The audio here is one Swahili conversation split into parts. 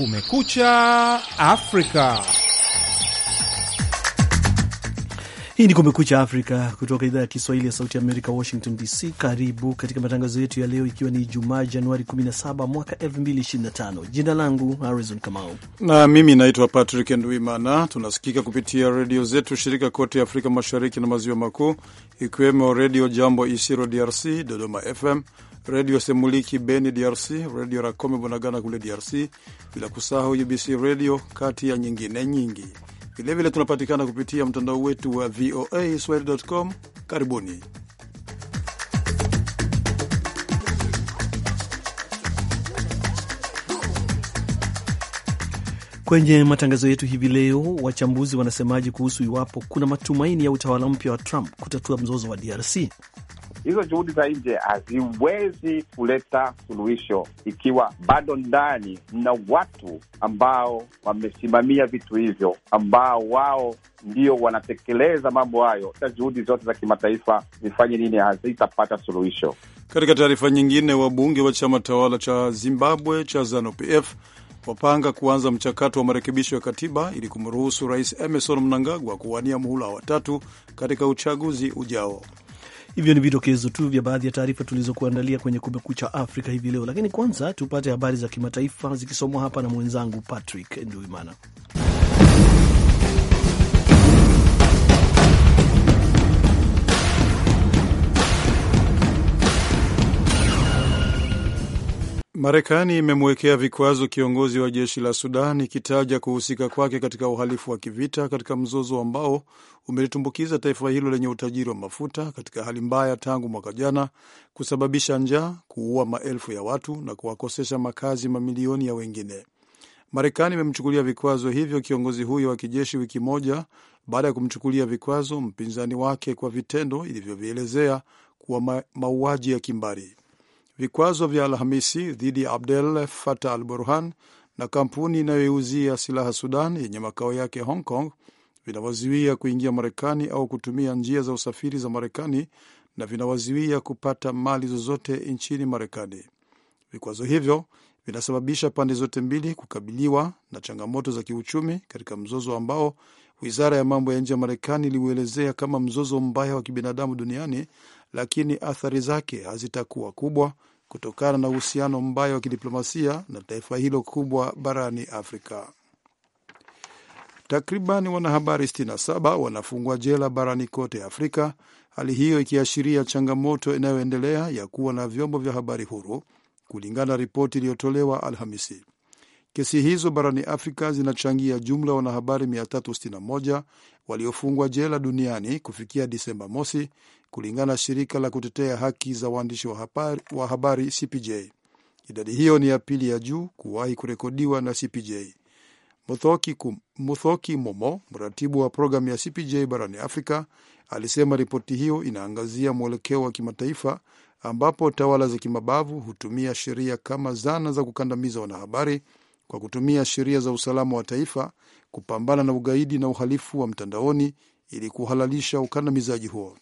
Kumekucha Afrika. Hii ni Kumekucha Afrika kutoka idhaa ya Kiswahili ya Sauti Amerika, Washington DC. Karibu katika matangazo yetu ya leo, ikiwa ni jumaa Januari 17 mwaka 2025. Jina langu Harrison Kamau na mimi naitwa Patrick Ndwimana. Tunasikika kupitia redio zetu shirika kote Afrika Mashariki na Maziwa Makuu, ikiwemo Redio Jambo Isiro DRC, Dodoma FM, Redio Semuliki Beni DRC, Redio Rakome Bunagana kule DRC, bila kusahau UBC Redio kati ya nyingine nyingi. Vilevile tunapatikana kupitia mtandao wetu wa VOA swahili.com. Karibuni. Kwenye matangazo yetu hivi leo, wachambuzi wanasemaje kuhusu iwapo kuna matumaini ya utawala mpya wa Trump kutatua mzozo wa DRC? hizo juhudi za nje haziwezi kuleta suluhisho ikiwa bado ndani mna watu ambao wamesimamia vitu hivyo, ambao wao ndio wanatekeleza mambo hayo. Hata juhudi zote za kimataifa zifanye nini, hazitapata suluhisho. Katika taarifa nyingine, wabunge wa chama tawala cha Zimbabwe cha ZANUPF wapanga kuanza mchakato wa marekebisho ya katiba ili kumruhusu Rais Emerson Mnangagwa kuwania muhula wa tatu katika uchaguzi ujao. Hivyo ni vidokezo tu vya baadhi ya taarifa tulizokuandalia kwenye Kumekucha Afrika hivi leo, lakini kwanza tupate habari za kimataifa zikisomwa hapa na mwenzangu Patrick Nduimana. Marekani imemwekea vikwazo kiongozi wa jeshi la Sudan ikitaja kuhusika kwake katika uhalifu wa kivita katika mzozo ambao umelitumbukiza taifa hilo lenye utajiri wa mafuta katika hali mbaya tangu mwaka jana, kusababisha njaa, kuua maelfu ya watu na kuwakosesha makazi mamilioni ya wengine. Marekani imemchukulia vikwazo hivyo kiongozi huyo wa kijeshi wiki moja baada ya kumchukulia vikwazo mpinzani wake kwa vitendo ilivyovielezea kuwa mauaji ya kimbari. Vikwazo vya Alhamisi dhidi ya Abdel Fatah al Burhan na kampuni inayoiuzia silaha Sudan yenye makao yake Hong Kong vinawazuia kuingia Marekani au kutumia njia za usafiri za Marekani na vinawazuia kupata mali zozote nchini Marekani. Vikwazo hivyo vinasababisha pande zote mbili kukabiliwa na changamoto za kiuchumi katika mzozo ambao wizara ya mambo ya nje ya Marekani iliuelezea kama mzozo mbaya wa kibinadamu duniani, lakini athari zake hazitakuwa kubwa kutokana na uhusiano mbaya wa kidiplomasia na taifa hilo kubwa barani Afrika. Takriban wanahabari 67 wanafungwa jela barani kote Afrika, hali hiyo ikiashiria changamoto inayoendelea ya kuwa na vyombo vya habari huru, kulingana na ripoti iliyotolewa Alhamisi. Kesi hizo barani Afrika zinachangia jumla wanahabari 361 waliofungwa jela duniani kufikia Disemba mosi, kulingana na shirika la kutetea haki za waandishi wa habari, wa habari CPJ. Idadi hiyo ni ya pili ya juu kuwahi kurekodiwa na CPJ. Muthoki, kum, Muthoki Momo, mratibu wa programu ya CPJ barani Afrika, alisema ripoti hiyo inaangazia mwelekeo wa kimataifa ambapo tawala za kimabavu hutumia sheria kama zana za kukandamiza wanahabari kwa kutumia sheria za usalama wa taifa kupambana na ugaidi na uhalifu wa mtandaoni ili kuhalalisha ukandamizaji huo.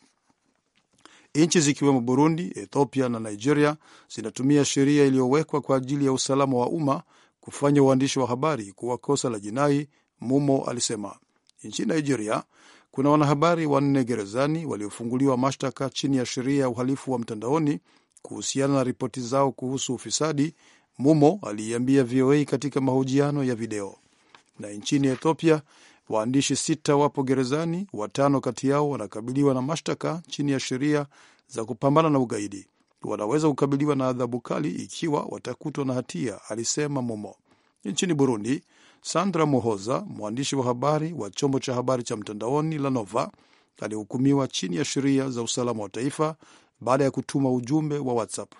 Nchi zikiwemo Burundi, Ethiopia na Nigeria zinatumia sheria iliyowekwa kwa ajili ya usalama wa umma kufanya uandishi wa habari kuwa kosa la jinai, Mumo alisema. Nchini Nigeria kuna wanahabari wanne gerezani waliofunguliwa mashtaka chini ya sheria ya uhalifu wa mtandaoni kuhusiana na ripoti zao kuhusu ufisadi, Mumo aliiambia VOA katika mahojiano ya video. Na nchini Ethiopia Waandishi sita wapo gerezani, watano kati yao wanakabiliwa na mashtaka chini ya sheria za kupambana na ugaidi. Wanaweza kukabiliwa na adhabu kali ikiwa watakutwa na hatia, alisema Momo. Nchini Burundi, Sandra Mohoza, mwandishi wa habari wa chombo cha habari cha mtandaoni la Nova, alihukumiwa chini ya sheria za usalama wa taifa baada ya kutuma ujumbe wa WhatsApp.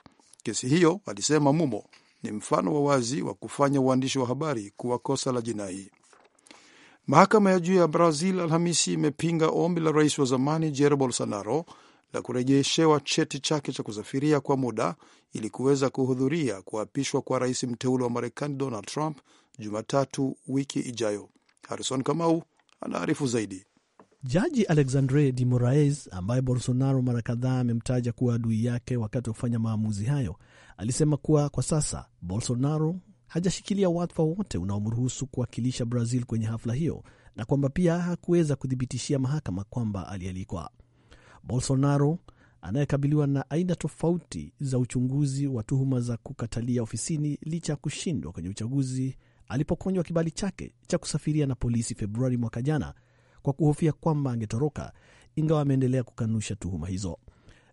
Kesi hiyo, alisema Mumo, ni mfano wa wazi wa kufanya uandishi wa habari kuwa kosa la jinai. Mahakama ya juu ya Brazil Alhamisi imepinga ombi la rais wa zamani Jair Bolsonaro la kurejeshewa cheti chake cha kusafiria kwa muda ili kuweza kuhudhuria kuapishwa kwa rais mteule wa Marekani Donald Trump Jumatatu wiki ijayo. Harrison Kamau anaarifu zaidi. Jaji Alexandre de Moraes, ambaye Bolsonaro mara kadhaa amemtaja kuwa adui yake wakati wa kufanya maamuzi hayo, alisema kuwa kwa sasa Bolsonaro hajashikilia wadhifa wowote unaomruhusu kuwakilisha Brazil kwenye hafla hiyo na kwamba pia hakuweza kuthibitishia mahakama kwamba alialikwa. Bolsonaro anayekabiliwa na aina tofauti za uchunguzi wa tuhuma za kukatalia ofisini licha ya kushindwa kwenye uchaguzi alipokonywa kibali chake cha kusafiria na polisi Februari mwaka jana kwa kuhofia kwamba angetoroka, ingawa ameendelea kukanusha tuhuma hizo.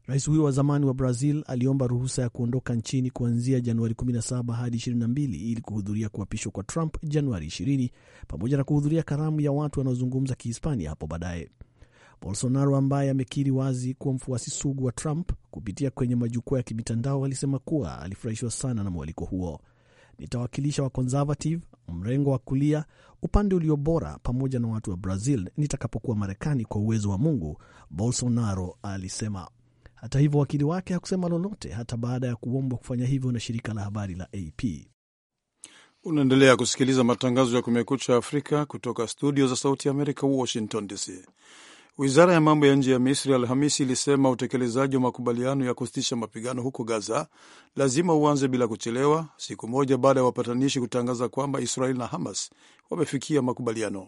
Rais huyo wa zamani wa Brazil aliomba ruhusa ya kuondoka nchini kuanzia Januari 17 hadi 22 ili kuhudhuria kuapishwa kwa Trump Januari 20 pamoja na kuhudhuria karamu ya watu wanaozungumza Kihispania hapo baadaye. Bolsonaro ambaye amekiri wazi kuwa mfuasi sugu wa Trump kupitia kwenye majukwaa ya kimitandao alisema kuwa alifurahishwa sana na mwaliko huo. Nitawakilisha wa conservative, mrengo wa kulia, upande ulio bora, pamoja na watu wa Brazil nitakapokuwa Marekani kwa uwezo wa Mungu, Bolsonaro alisema. Hata hivyo, wakili wake hakusema lolote hata baada ya kuombwa kufanya hivyo na shirika la habari la AP. Unaendelea kusikiliza matangazo ya Kumekucha Afrika kutoka studio za Sauti ya Amerika, Washington DC. Wizara ya mambo ya nje ya Misri Alhamisi ilisema utekelezaji wa makubaliano ya kusitisha mapigano huko Gaza lazima uanze bila kuchelewa, siku moja baada ya wapatanishi kutangaza kwamba Israel na Hamas wamefikia makubaliano.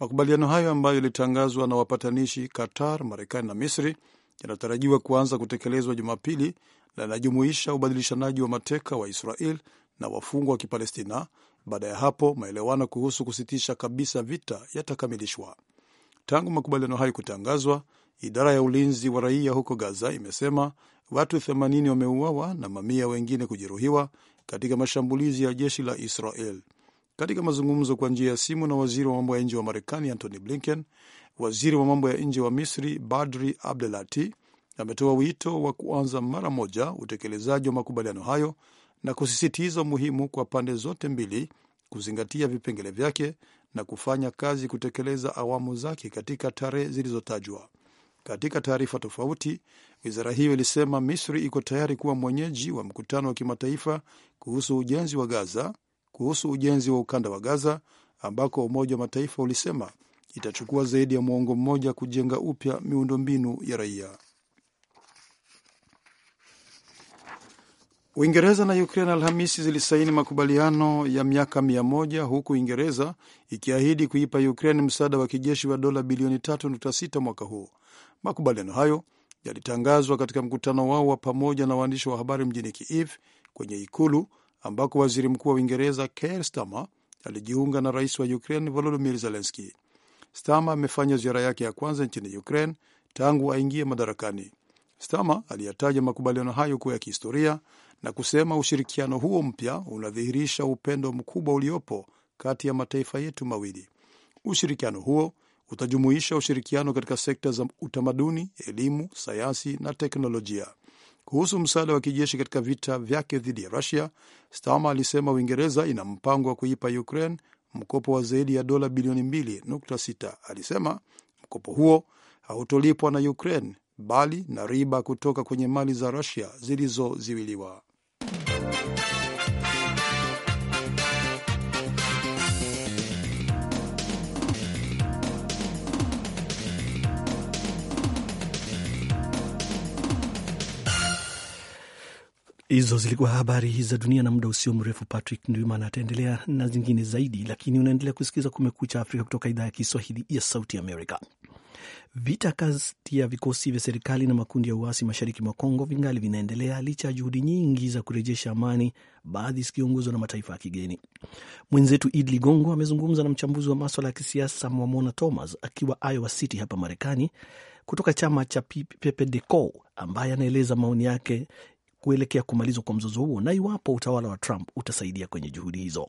Makubaliano hayo ambayo yalitangazwa na wapatanishi Qatar, Marekani na Misri yanatarajiwa kuanza kutekelezwa Jumapili na inajumuisha ubadilishanaji wa mateka wa Israel na wafungwa wa Kipalestina. Baada ya hapo, maelewano kuhusu kusitisha kabisa vita yatakamilishwa. Tangu makubaliano hayo kutangazwa, idara ya ulinzi wa raia huko Gaza imesema watu 80 wameuawa na mamia wengine kujeruhiwa katika mashambulizi ya jeshi la Israel. Katika mazungumzo kwa njia ya simu na waziri wa mambo ya nje wa Marekani Antony Blinken, Waziri wa mambo ya nje wa Misri Badri Abdelati ametoa wito wa kuanza mara moja utekelezaji wa makubaliano hayo na kusisitiza umuhimu kwa pande zote mbili kuzingatia vipengele vyake na kufanya kazi kutekeleza awamu zake katika tarehe zilizotajwa. Katika taarifa tofauti, wizara hiyo ilisema Misri iko tayari kuwa mwenyeji wa mkutano wa kimataifa kuhusu ujenzi wa Gaza, kuhusu ujenzi wa ukanda wa Gaza ambako Umoja wa Mataifa ulisema itachukua zaidi ya mwongo mmoja kujenga upya miundombinu ya raia. Uingereza na Ukraine Alhamisi zilisaini makubaliano ya miaka mia moja huku Uingereza ikiahidi kuipa Ukraine msaada wa kijeshi wa dola bilioni 3.6 mwaka huu. Makubaliano hayo yalitangazwa katika mkutano wao wa pamoja na waandishi wa habari mjini Kiev kwenye ikulu ambako waziri mkuu wa Uingereza Keir Starmer alijiunga na rais wa Ukraine volodimir zelenski Stama amefanya ziara yake ya kwanza nchini Ukraine tangu aingie madarakani. Stama aliyataja makubaliano hayo kuwa ya kihistoria na kusema ushirikiano huo mpya unadhihirisha upendo mkubwa uliopo kati ya mataifa yetu mawili. Ushirikiano huo utajumuisha ushirikiano katika sekta za utamaduni, elimu, sayansi na teknolojia. Kuhusu msaada wa kijeshi katika vita vyake dhidi ya Rusia, Stama alisema Uingereza ina mpango wa kuipa Ukraine mkopo wa zaidi ya dola bilioni 2.6. Alisema mkopo huo hautolipwa na Ukraine bali na riba kutoka kwenye mali za Rusia zilizoziwiliwa. Hizo zilikuwa habari za dunia, na muda usio mrefu Patrick Ndwimana ataendelea na zingine zaidi, lakini unaendelea kusikiza Kumekucha Afrika kutoka idhaa ya Kiswahili ya Sauti Amerika. Vita kati ya vikosi vya serikali na makundi ya uasi mashariki mwa Kongo vingali vinaendelea licha ya juhudi nyingi za kurejesha amani, baadhi zikiongozwa na mataifa ya kigeni. Mwenzetu Id Ligongo amezungumza na mchambuzi wa maswala ya kisiasa Mwamona Thomas akiwa Iowa City hapa Marekani, kutoka chama cha PPDECO ambaye anaeleza maoni yake kuelekea kumalizwa kwa mzozo huo na iwapo utawala wa Trump utasaidia kwenye juhudi hizo.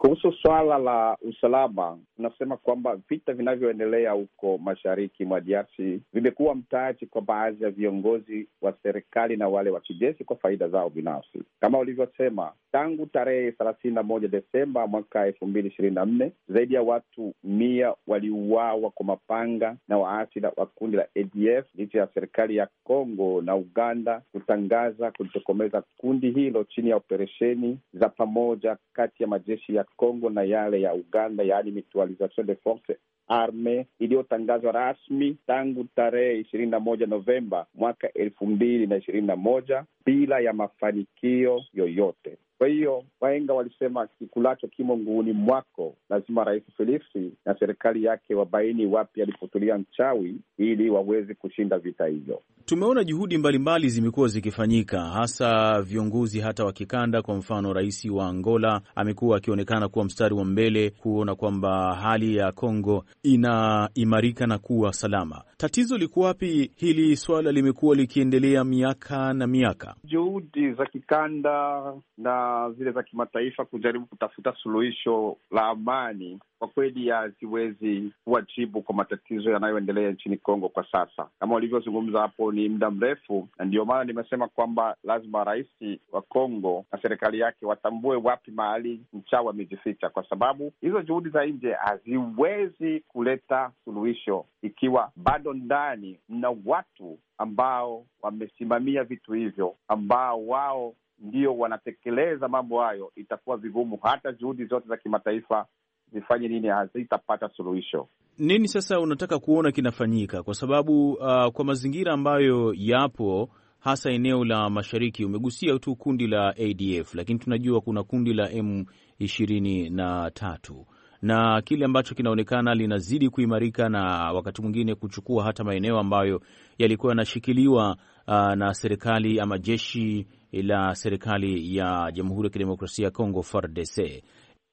Kuhusu swala la usalama, tunasema kwamba vita vinavyoendelea huko mashariki mwa DRC vimekuwa mtaji kwa baadhi ya viongozi wa serikali na wale wa kijeshi kwa faida zao binafsi. Kama ulivyosema, tangu tarehe thelathini na moja Desemba mwaka elfu mbili ishirini na nne zaidi ya watu mia waliuawa kwa mapanga na waasi wa kundi la ADF licha ya serikali ya congo na Uganda kutangaza kulitokomeza kundi hilo chini ya operesheni za pamoja kati ya majeshi ya Kongo na yale ya Uganda, yaani mutualisation de force arme iliyotangazwa rasmi tangu tarehe ishirini na moja Novemba mwaka elfu mbili na ishirini na moja bila ya mafanikio yoyote. Kwa hiyo wahenga walisema kikulacho kimo nguuni mwako. Lazima Rais Feliksi na serikali yake wabaini wapi alipotulia mchawi ili waweze kushinda vita hivyo. Tumeona juhudi mbalimbali zimekuwa zikifanyika, hasa viongozi hata wa kikanda. Kwa mfano, rais wa Angola amekuwa akionekana kuwa mstari wa mbele kuona kwamba hali ya Kongo inaimarika na kuwa salama. Tatizo liko wapi? Hili swala limekuwa likiendelea miaka na miaka, juhudi za kikanda na zile za kimataifa kujaribu kutafuta suluhisho la amani kwa kweli haziwezi jibu kwa matatizo yanayoendelea nchini Kongo kwa sasa. Kama walivyozungumza hapo, ni muda mrefu, na ndio maana nimesema kwamba lazima rais wa Kongo na serikali yake watambue wapi mahali mchawa amejificha, kwa sababu hizo juhudi za nje haziwezi kuleta suluhisho ikiwa bado ndani mna watu ambao wamesimamia vitu hivyo, ambao wao ndio wanatekeleza mambo hayo, itakuwa vigumu hata juhudi zote za kimataifa zifanye nini, hazitapata suluhisho. Nini sasa unataka kuona kinafanyika? Kwa sababu uh, kwa mazingira ambayo yapo hasa eneo la mashariki, umegusia tu kundi la ADF, lakini tunajua kuna kundi la M ishirini na tatu na kile ambacho kinaonekana linazidi kuimarika na wakati mwingine kuchukua hata maeneo ambayo yalikuwa yanashikiliwa uh, na serikali ama jeshi la serikali ya Jamhuri ya Kidemokrasia ya Kongo FARDC.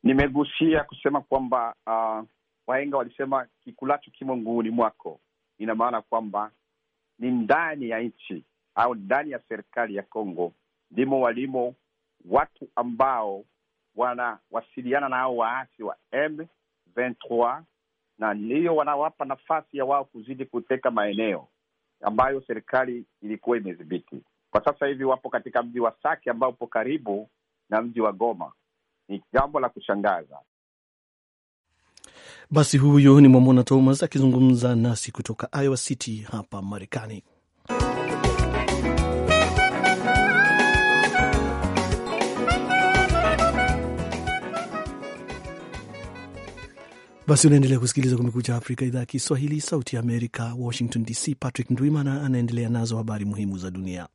Nimegusia kusema kwamba uh, wahenga walisema kikulacho kimo nguuni mwako. Ina maana kwamba ni ndani ya nchi au ndani ya serikali ya Kongo ndimo walimo watu ambao wanawasiliana nao waasi wa M23 na ndiyo wanawapa nafasi ya wao kuzidi kuteka maeneo ambayo serikali ilikuwa imedhibiti. Kwa sasa hivi wapo katika mji wa Sake ambao upo karibu na mji wa Goma, ni jambo la kushangaza. Basi huyo ni Mwamona Thomas akizungumza nasi kutoka Iowa City hapa Marekani. Basi unaendelea kusikiliza Kumekucha Afrika, idhaa ya Kiswahili, Sauti ya Amerika, Washington DC. Patrick Ndwimana anaendelea nazo habari muhimu za dunia.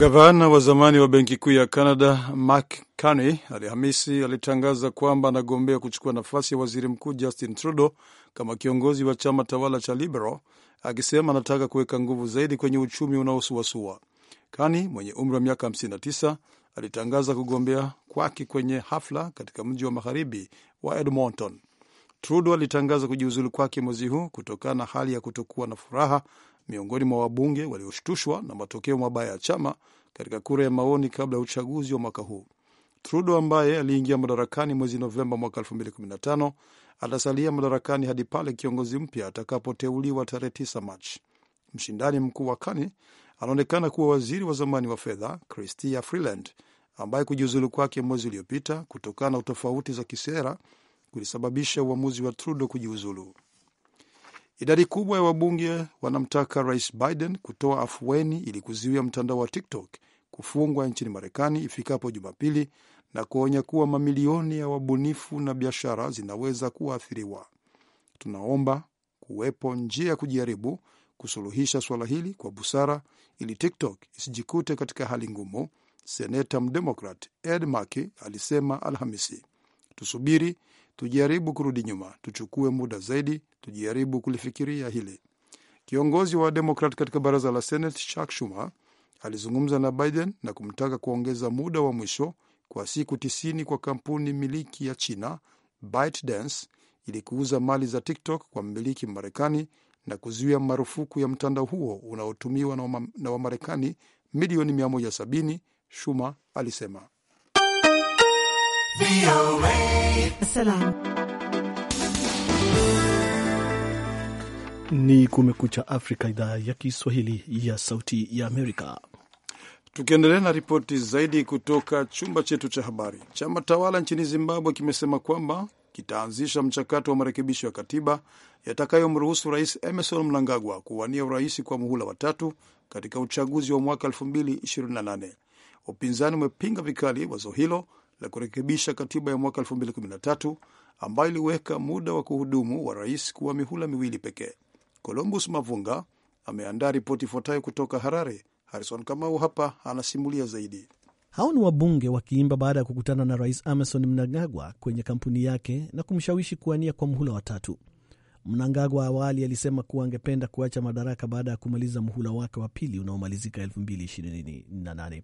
Gavana wa zamani wa benki kuu ya Canada Mark Carney Alhamisi alitangaza kwamba anagombea kuchukua nafasi ya waziri mkuu Justin Trudeau kama kiongozi wa chama tawala cha Liberal, akisema anataka kuweka nguvu zaidi kwenye uchumi unaosuasua. Carney mwenye umri wa miaka 59 alitangaza kugombea kwake kwenye hafla katika mji wa magharibi wa Edmonton. Trudeau alitangaza kujiuzulu kwake mwezi huu kutokana na hali ya kutokuwa na furaha miongoni mwa wabunge walioshtushwa na matokeo mabaya ya chama katika kura ya maoni kabla ya uchaguzi wa mwaka huu. Trudeau ambaye aliingia madarakani mwezi Novemba mwaka 2015 atasalia madarakani hadi pale kiongozi mpya atakapoteuliwa tarehe 9 Machi. Mshindani mkuu wa Kani anaonekana kuwa waziri wa zamani wa fedha Chrystia Freeland ambaye kujiuzulu kwake mwezi uliopita kutokana na utofauti za kisera kulisababisha uamuzi wa Trudeau kujiuzulu. Idadi kubwa ya wabunge wanamtaka Rais Biden kutoa afueni ili kuzuia mtandao wa TikTok kufungwa nchini Marekani ifikapo Jumapili na kuonya kuwa mamilioni ya wabunifu na biashara zinaweza kuathiriwa. Tunaomba kuwepo njia ya kujaribu kusuluhisha suala hili kwa busara ili TikTok isijikute katika hali ngumu, seneta mdemokrat Ed Markey alisema Alhamisi. Tusubiri Tujaribu kurudi nyuma, tuchukue muda zaidi, tujaribu kulifikiria hili. Kiongozi wa Demokrat katika baraza la Senate Chuck Schumer alizungumza na Biden na kumtaka kuongeza muda wa mwisho kwa siku tisini kwa kampuni miliki ya China ByteDance ili kuuza mali za TikTok kwa mmiliki Marekani na kuzuia marufuku ya mtandao huo unaotumiwa na Wamarekani milioni 170, Shuma alisema. Salam ni Kumekucha Afrika, idhaa ya Kiswahili ya Sauti ya Amerika. Tukiendelea na ripoti zaidi kutoka chumba chetu cha habari, chama tawala nchini Zimbabwe kimesema kwamba kitaanzisha mchakato wa marekebisho ya katiba yatakayomruhusu Rais Emerson Mnangagwa kuwania urais kwa muhula watatu katika uchaguzi wa mwaka 2028. Upinzani umepinga vikali wazo hilo la kurekebisha katiba ya mwaka 2013 ambayo iliweka muda wa kuhudumu wa rais kuwa mihula miwili pekee. Columbus Mavunga ameandaa ripoti ifuatayo kutoka Harare. Harrison Kamau hapa anasimulia zaidi. Hao ni wabunge wakiimba baada ya kukutana na rais amerson Mnangagwa kwenye kampuni yake na kumshawishi kuania kwa mhula watatu. Mnangagwa awali alisema kuwa angependa kuacha madaraka baada ya kumaliza mhula wake wa pili unaomalizika 2028.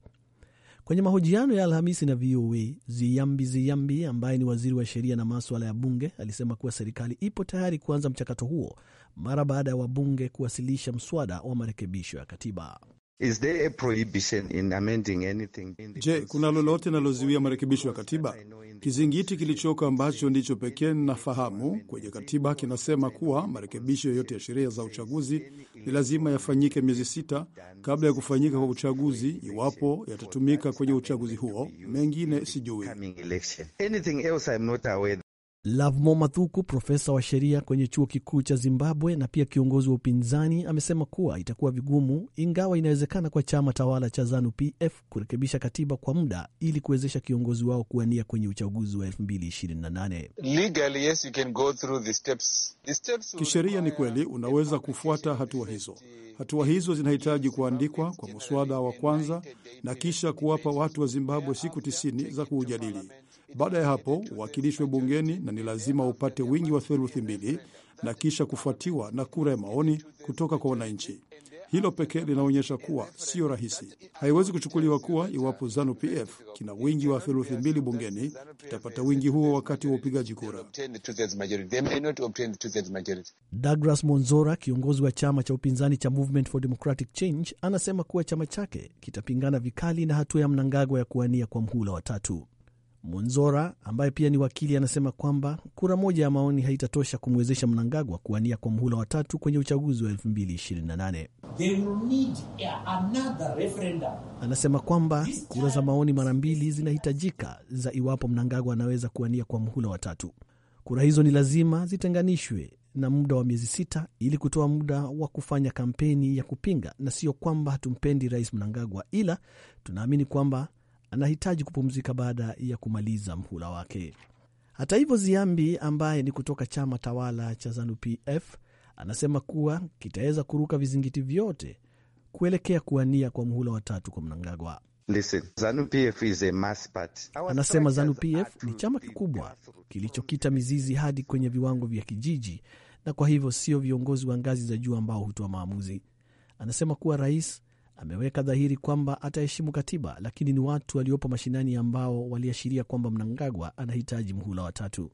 Kwenye mahojiano ya Alhamisi na VOA, Ziyambi Ziyambi ambaye ni waziri wa sheria na maswala ya bunge alisema kuwa serikali ipo tayari kuanza mchakato huo mara baada ya wabunge kuwasilisha mswada wa marekebisho ya katiba. Is there a prohibition in amending anything in the... Je, kuna lolote linalozuia marekebisho ya katiba? Kizingiti kilichoko ambacho ndicho pekee ninafahamu kwenye katiba kinasema kuwa marekebisho yoyote ya sheria za uchaguzi ni lazima yafanyike miezi sita kabla ya kufanyika kwa uchaguzi, iwapo yatatumika kwenye uchaguzi huo. Mengine sijui. Lavmo Mathuku, profesa wa sheria kwenye chuo kikuu cha Zimbabwe na pia kiongozi wa upinzani, amesema kuwa itakuwa vigumu, ingawa inawezekana, kwa chama tawala cha ZANU-PF kurekebisha katiba kwa muda ili kuwezesha kiongozi wao kuwania kwenye uchaguzi wa 2028. Yes, kisheria ni kweli, unaweza kufuata hatua hizo. Hatua hizo zinahitaji kuandikwa kwa muswada wa kwanza na kisha kuwapa watu wa Zimbabwe siku 90 za kuujadili. Baada ya hapo uwakilishwe bungeni na ni lazima upate wingi wa theluthi mbili na kisha kufuatiwa na kura ya maoni kutoka kwa wananchi. Hilo pekee linaonyesha kuwa sio rahisi. Haiwezi kuchukuliwa kuwa iwapo Zanu PF kina wingi wa theluthi mbili bungeni kitapata wingi huo wakati wa upigaji kura. Douglas Monzora, kiongozi wa chama cha upinzani cha Movement for Democratic Change, anasema kuwa chama chake kitapingana vikali na hatua ya Mnangagwa ya kuwania kwa mhula wa tatu. Monzora ambaye pia ni wakili anasema kwamba kura moja ya maoni haitatosha kumwezesha Mnangagwa kuwania kwa mhula watatu kwenye uchaguzi wa 2028. Anasema kwamba kura za maoni mara mbili zinahitajika za iwapo Mnangagwa anaweza kuwania kwa mhula watatu. Kura hizo ni lazima zitenganishwe na muda wa miezi sita ili kutoa muda wa kufanya kampeni ya kupinga, na sio kwamba hatumpendi Rais Mnangagwa, ila tunaamini kwamba anahitaji kupumzika baada ya kumaliza mhula wake. Hata hivyo, Ziambi ambaye ni kutoka chama tawala cha ZANUPF anasema kuwa kitaweza kuruka vizingiti vyote kuelekea kuwania kwa mhula watatu kwa Mnangagwa. Anasema ZANU-PF ni chama kikubwa kilichokita mizizi hadi kwenye viwango vya kijiji, na kwa hivyo sio viongozi wa ngazi za juu ambao hutoa maamuzi. Anasema kuwa rais ameweka dhahiri kwamba ataheshimu katiba, lakini ni watu waliopo mashinani ambao waliashiria kwamba Mnangagwa anahitaji mhula watatu.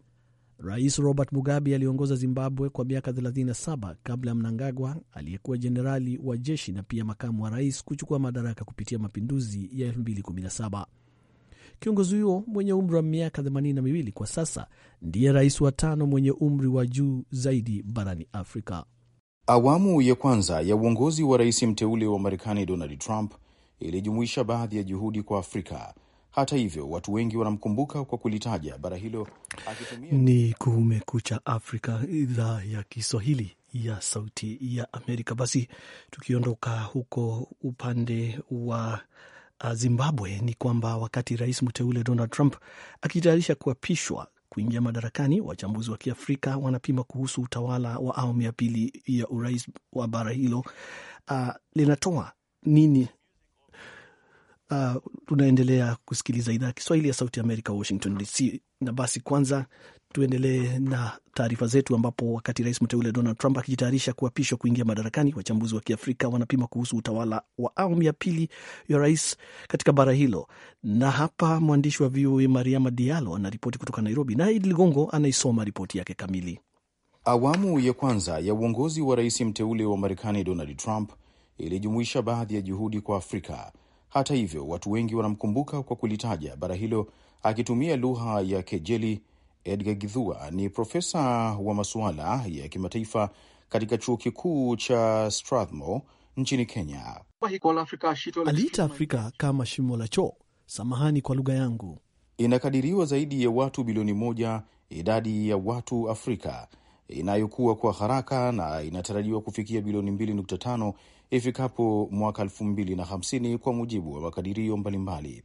Rais Robert Mugabe aliongoza Zimbabwe kwa miaka 37 kabla ya Mnangagwa aliyekuwa jenerali wa jeshi na pia makamu wa rais kuchukua madaraka kupitia mapinduzi ya 2017. Kiongozi huyo mwenye umri wa miaka 82 kwa sasa ndiye rais wa tano mwenye umri wa juu zaidi barani Afrika. Awamu ya kwanza ya uongozi wa rais mteule wa Marekani Donald Trump ilijumuisha baadhi ya juhudi kwa Afrika. Hata hivyo, watu wengi wanamkumbuka kwa kulitaja bara hilo akitumia... Ni Kumekucha Afrika, idhaa ya Kiswahili ya Sauti ya Amerika. Basi tukiondoka huko upande wa ah, Zimbabwe ni kwamba wakati rais mteule Donald Trump akitayarisha kuapishwa, kuingia madarakani, wachambuzi wa Kiafrika wanapima kuhusu utawala wa awamu ya pili ya urais wa bara hilo uh, linatoa nini? Uh, tunaendelea kusikiliza idhaa ya Kiswahili ya Sauti ya Amerika, Washington DC. Na basi kwanza tuendelee na taarifa zetu, ambapo wakati rais mteule Donald Trump akijitayarisha kuapishwa kuingia madarakani, wachambuzi wa Kiafrika wanapima kuhusu utawala wa awamu ya pili ya rais katika bara hilo. Na hapa mwandishi wa VOA Mariama Diallo anaripoti kutoka Nairobi, na Idi Ligongo anaisoma ripoti yake kamili. Awamu ya kwanza ya uongozi wa rais mteule wa Marekani Donald Trump ilijumuisha baadhi ya juhudi kwa Afrika. Hata hivyo, watu wengi wanamkumbuka kwa kulitaja bara hilo akitumia lugha ya kejeli Edgar Githua ni profesa wa masuala ya kimataifa katika chuo kikuu cha Strathmore nchini Kenya. Aliita Afrika kama shimo la choo, samahani kwa lugha yangu. Inakadiriwa zaidi ya watu bilioni moja, idadi ya watu Afrika inayokuwa kwa haraka na inatarajiwa kufikia bilioni 2.5 ifikapo mwaka 2050 kwa mujibu wa makadirio mbalimbali.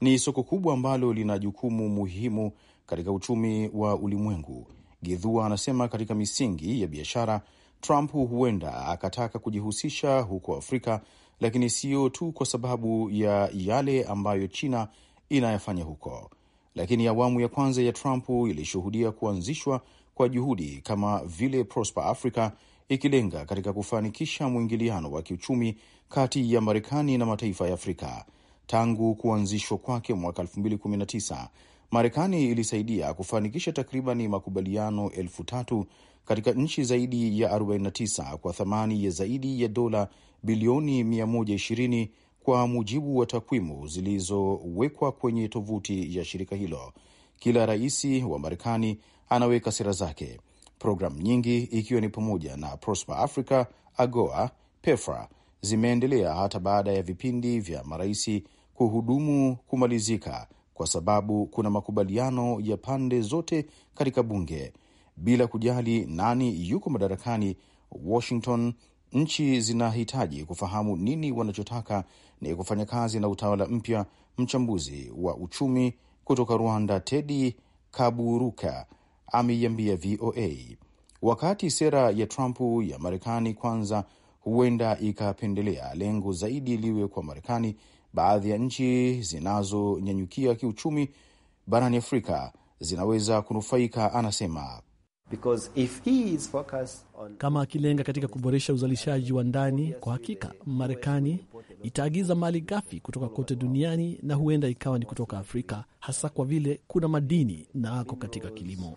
Ni soko kubwa ambalo lina jukumu muhimu katika uchumi wa ulimwengu. Gedhua anasema katika misingi ya biashara, Trump huenda akataka kujihusisha huko Afrika, lakini siyo tu kwa sababu ya yale ambayo China inayafanya huko. Lakini awamu ya kwanza ya Trump ilishuhudia kuanzishwa kwa juhudi kama vile Prosper Africa, ikilenga katika kufanikisha mwingiliano wa kiuchumi kati ya Marekani na mataifa ya Afrika. Tangu kuanzishwa kwake mwaka 219 Marekani ilisaidia kufanikisha takribani makubaliano elfu tatu katika nchi zaidi ya 49 kwa thamani ya zaidi ya dola bilioni 120 kwa mujibu wa takwimu zilizowekwa kwenye tovuti ya shirika hilo. Kila rais wa Marekani anaweka sera zake. Programu nyingi ikiwa ni pamoja na Prosper Africa, AGOA, PEFRA zimeendelea hata baada ya vipindi vya marais kuhudumu kumalizika kwa sababu kuna makubaliano ya pande zote katika bunge. Bila kujali nani yuko madarakani, Washington, nchi zinahitaji kufahamu nini wanachotaka ni kufanya kazi na utawala mpya. Mchambuzi wa uchumi kutoka Rwanda, Tedi Kaburuka, ameiambia VOA wakati sera ya Trump ya Marekani kwanza huenda ikapendelea lengo zaidi liwe kwa Marekani baadhi ya nchi zinazonyanyukia kiuchumi barani Afrika zinaweza kunufaika, anasema. If he is on... kama akilenga katika kuboresha uzalishaji wa ndani, kwa hakika Marekani itaagiza mali ghafi kutoka kote duniani na huenda ikawa ni kutoka Afrika, hasa kwa vile kuna madini na ako katika kilimo.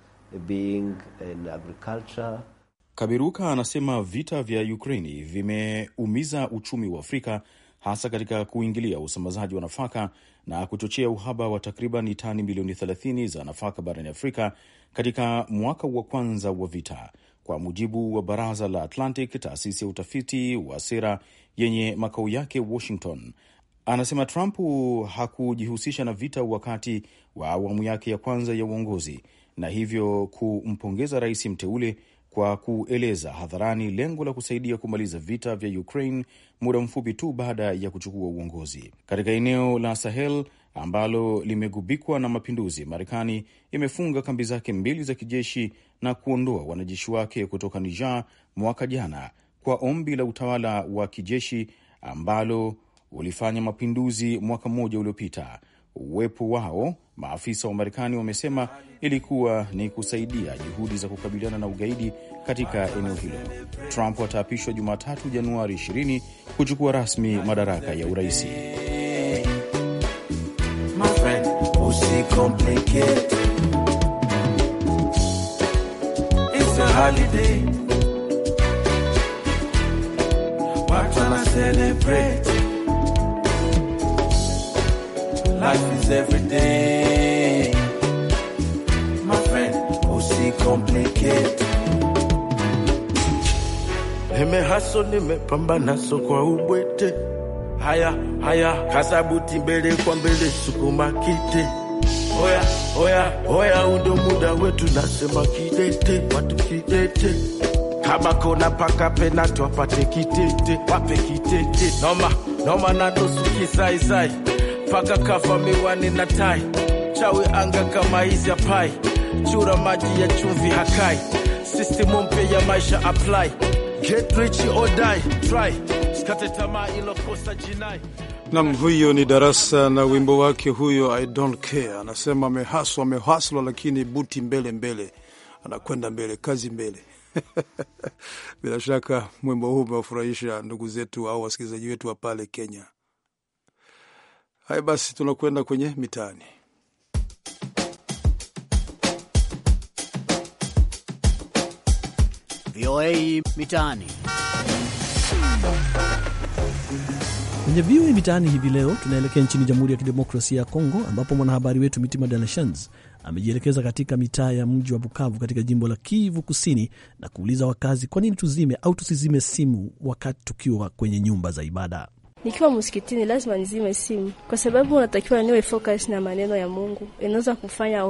kabiruka anasema vita vya Ukraini vimeumiza uchumi wa Afrika hasa katika kuingilia usambazaji wa nafaka na kuchochea uhaba wa takriban tani milioni 30 za nafaka barani Afrika katika mwaka wa kwanza wa vita, kwa mujibu wa baraza la Atlantic, taasisi ya utafiti wa sera yenye makao yake Washington. Anasema Trump hakujihusisha na vita wakati wa awamu yake ya kwanza ya uongozi na hivyo kumpongeza rais mteule kwa kueleza hadharani lengo la kusaidia kumaliza vita vya Ukraine muda mfupi tu baada ya kuchukua uongozi katika eneo la Sahel ambalo limegubikwa na mapinduzi. Marekani imefunga kambi zake mbili za kijeshi na kuondoa wanajeshi wake kutoka Niger mwaka jana kwa ombi la utawala wa kijeshi ambalo ulifanya mapinduzi mwaka mmoja uliopita. Uwepo wao Maafisa wa Marekani wamesema ilikuwa ni kusaidia juhudi za kukabiliana na ugaidi katika eneo hilo. Trump ataapishwa Jumatatu, Januari 20 kuchukua rasmi madaraka ya uraisi. Watu life is everyday. My friend, pussy complicated. Nimehasoni nimepambana so kwa ubwete, haya haya, kasabuti mbele kwa mbele, sukuma kite. Oya oya oya, undo muda wetu, nasema kidete, watu kidete kabako na paka penatu apate kitete, wape kitete, noma noma na dosu kisaisai paka kafa miwani na tai, chawi anga kama hizi apai, chura maji ya chumvi hakai, sistimu mpya ya maisha apply, get rich or die try, skate tamaa ilokosa jinai Nam, huyo ni Darasa na wimbo wake huyo, I don't care. Anasema amehaswa, amehaswa lakini buti mbele mbele, anakwenda mbele, kazi mbele. Bila shaka mwimbo huu umewafurahisha ndugu zetu au wasikilizaji wetu wa pale Kenya. Haya basi, tunakwenda kwenye mitaani. VOA Mitaani. Kwenye VOA Mitaani hivi leo tunaelekea nchini Jamhuri ya Kidemokrasia ya Kongo, ambapo mwanahabari wetu Mitima Dalashans amejielekeza katika mitaa ya mji wa Bukavu katika jimbo la Kivu Kusini na kuuliza wakazi kwa nini tuzime au tusizime simu wakati tukiwa kwenye nyumba za ibada. Nikiwa msikitini lazima nizime simu, kwa sababu unatakiwa niwe focus na maneno ya Mungu. Inaweza kufanya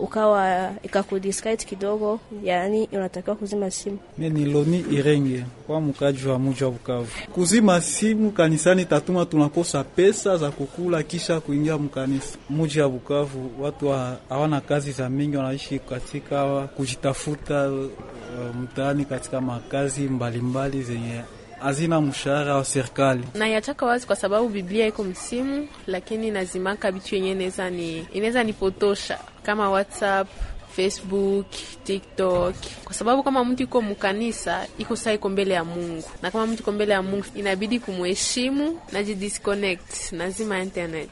ukawa ikakudiskait kidogo, yani unatakiwa kuzima simu. Mimi ni Loni Irenge kwa mkaji wa mji wa Bukavu. Kuzima simu kanisani tatuma tunakosa pesa za kukula kisha kuingia mkanisa. muji wa Bukavu watu hawana kazi za mingi, wanaishi katika kujitafuta eh, mtaani katika makazi mbalimbali zenye hazina mshahara wa serikali. Na yataka wazi kwa sababu Biblia iko msimu, lakini nazimaka bitu yenye inaweza ni inaweza nipotosha kama WhatsApp Facebook, TikTok, kwa sababu kama mtu iko mkanisa iko saa iko mbele ya Mungu, na kama mtu iko mbele ya Mungu inabidi kumheshimu, najidisconnect zima internet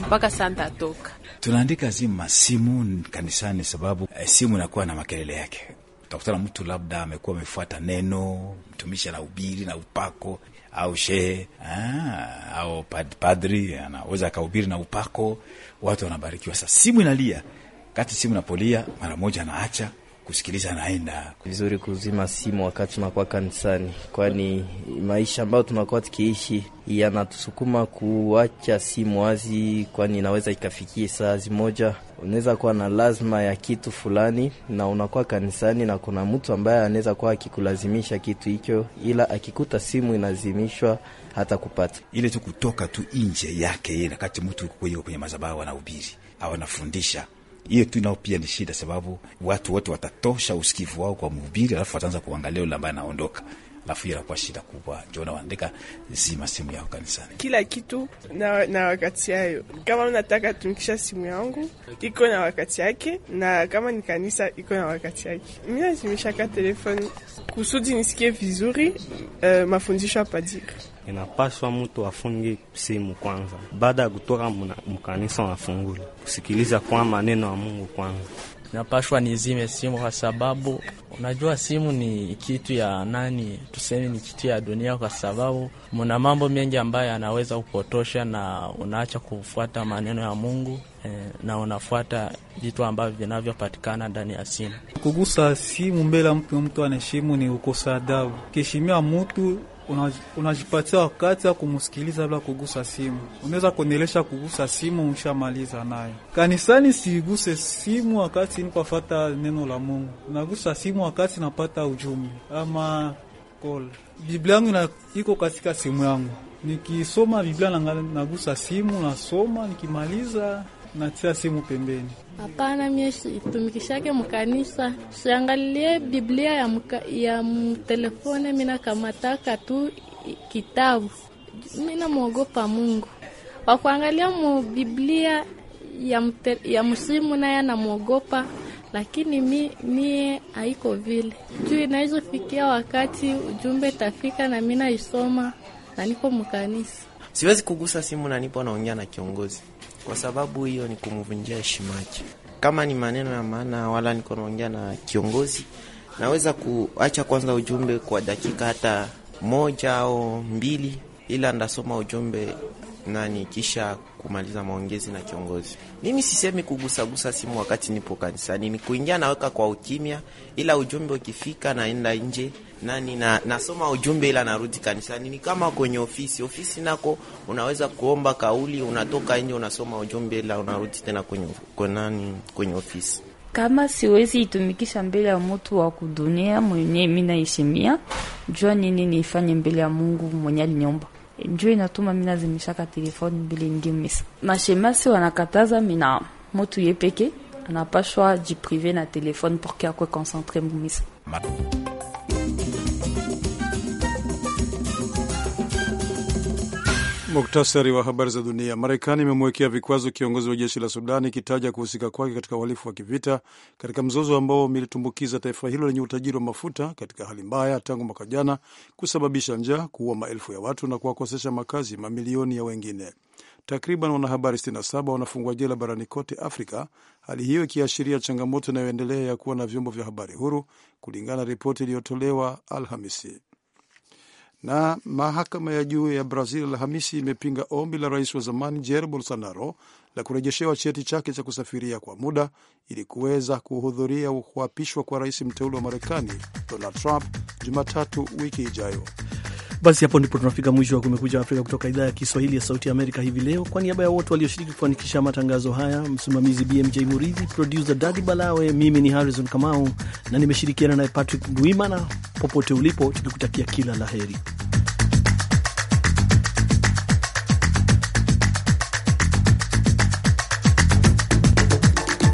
mpaka santa toka. Tunaandika zima simu kanisani, sababu eh, simu inakuwa na makelele yake. Utakutana mtu labda amekuwa amefuata neno anatumisha na ubiri na upako au shehe ah, au pad, padri anaweza akahubiri na upako, watu wanabarikiwa. Sasa simu inalia, kati simu napolia, mara moja anaacha kusikiliza naenda vizuri, kuzima simu wakati unakuwa kanisani, kwani maisha ambayo tunakuwa tukiishi yanatusukuma kuacha simu wazi, kwani inaweza ikafikia saa zimoja, unaweza kuwa na lazima ya kitu fulani na unakuwa kanisani na kuna mtu ambaye anaweza kuwa akikulazimisha kitu hicho, ila akikuta simu inazimishwa hata kupata ile tu kutoka tu nje yake, ye nakati mtu kwenye, kwenye anahubiri au anafundisha hiyo tu nao pia ni shida, sababu watu wote watatosha usikivu wao kwa mhubiri, alafu wataanza kuangalia yule ambaye anaondoka alafu inakuwa shida kubwa, njo nawaandika zima simu yao kanisani, kila kitu na, na wakati yayo. Kama nataka tumikisha simu yangu iko na wakati yake, na kama ni kanisa iko na wakati yake. Mi nazimishaka telefoni kusudi nisikie vizuri uh, mafundisho apadiri inapaswa mtu afunge simu kwanza, baada ya kutoka mkanisa wafungule kusikiliza kwa maneno ya Mungu kwanza. Napashwa nizime simu kwa sababu unajua simu ni kitu ya nani, tuseme ni kitu ya dunia, kwa sababu muna mambo mengi ambayo anaweza kupotosha, na unaacha kufuata maneno ya Mungu eh, na unafuata vitu ambavyo vinavyopatikana ndani ya simu. Kugusa simu mbele mtu mtu anaheshimu ni ukosa adabu, kishimia mtu unajipatia wakati ya kumsikiliza labda kugusa simu. Unaweza kuonelesha kugusa simu, ushamaliza nayo. Kanisani siguse simu wakati nikafata neno la Mungu, nagusa simu wakati napata ujumbe ama call. Biblia yangu iko katika simu yangu, nikisoma Biblia nagusa simu, nasoma nikimaliza natia simu pembeni. Hapana, mie itumikishake mkanisa, siangalie Biblia ya, muka, ya mtelefone. Mina kamataka tu kitabu, mina mwogopa Mungu. Kwa kuangalia mu Biblia ya, mte, ya msimu naye anamwogopa, lakini mi, mie haiko vile juu inaizofikia wakati ujumbe tafika na mina isoma na niko mkanisa, siwezi kugusa simu na nipo naongea na kiongozi kwa sababu hiyo ni kumvunjia heshima yake. Kama ni maneno ya maana, wala niko naongea na kiongozi, naweza kuacha kwanza ujumbe kwa dakika hata moja au mbili, ila ndasoma ujumbe nani kisha kumaliza maongezi na kiongozi. Mimi sisemi kugusagusa simu wakati nipo kanisani, ni kuingia naweka kwa ukimya, ila ujumbe ukifika naenda nje nani na nasoma ujumbe ila narudi kanisani. Ni kama kwenye ofisi, ofisi nako unaweza kuomba kauli, unatoka nje unasoma ujumbe ila unarudi tena kwenye, kwenani, kwenye ofisi kama siwezi itumikisha mbele ya mutu wa kudunia mwenye minaheshimia, jua nini nifanye mbele ya Mungu mwenye aliniomba njo inatuma mina zimishaka telefoni mbili ndimisa mashemasi wanakataza mina mutu ye peke anapashwa jiprive na telefone porke akwe konsentre mumisa Muktasari wa habari za dunia. Marekani imemwekea vikwazo kiongozi wa jeshi la Sudani ikitaja kuhusika kwake katika uhalifu wa kivita katika mzozo ambao umelitumbukiza taifa hilo lenye utajiri wa mafuta katika hali mbaya tangu mwaka jana, kusababisha njaa, kuua maelfu ya watu na kuwakosesha makazi mamilioni ya wengine. Takriban wanahabari 67 wanafungwa jela barani kote Afrika, hali hiyo ikiashiria changamoto inayoendelea ya kuwa na vyombo vya habari huru, kulingana na ripoti iliyotolewa Alhamisi. Na mahakama ya juu ya Brazil Alhamisi imepinga ombi la rais wa zamani Jair Bolsonaro la kurejeshewa cheti chake cha kusafiria kwa muda ili kuweza kuhudhuria kuapishwa kwa rais mteule wa Marekani Donald Trump Jumatatu wiki ijayo. Basi hapo ndipo tunafika mwisho wa Kumekucha Afrika kutoka idhaa ya Kiswahili ya Sauti Amerika hivi leo. Kwa niaba ya wote walioshiriki kufanikisha matangazo haya, msimamizi BMJ Muridhi, produsa Dadi Balawe, mimi ni Harrison Kamau na nimeshirikiana naye Patrick Ndwimana. Popote ulipo, tukikutakia kila la heri.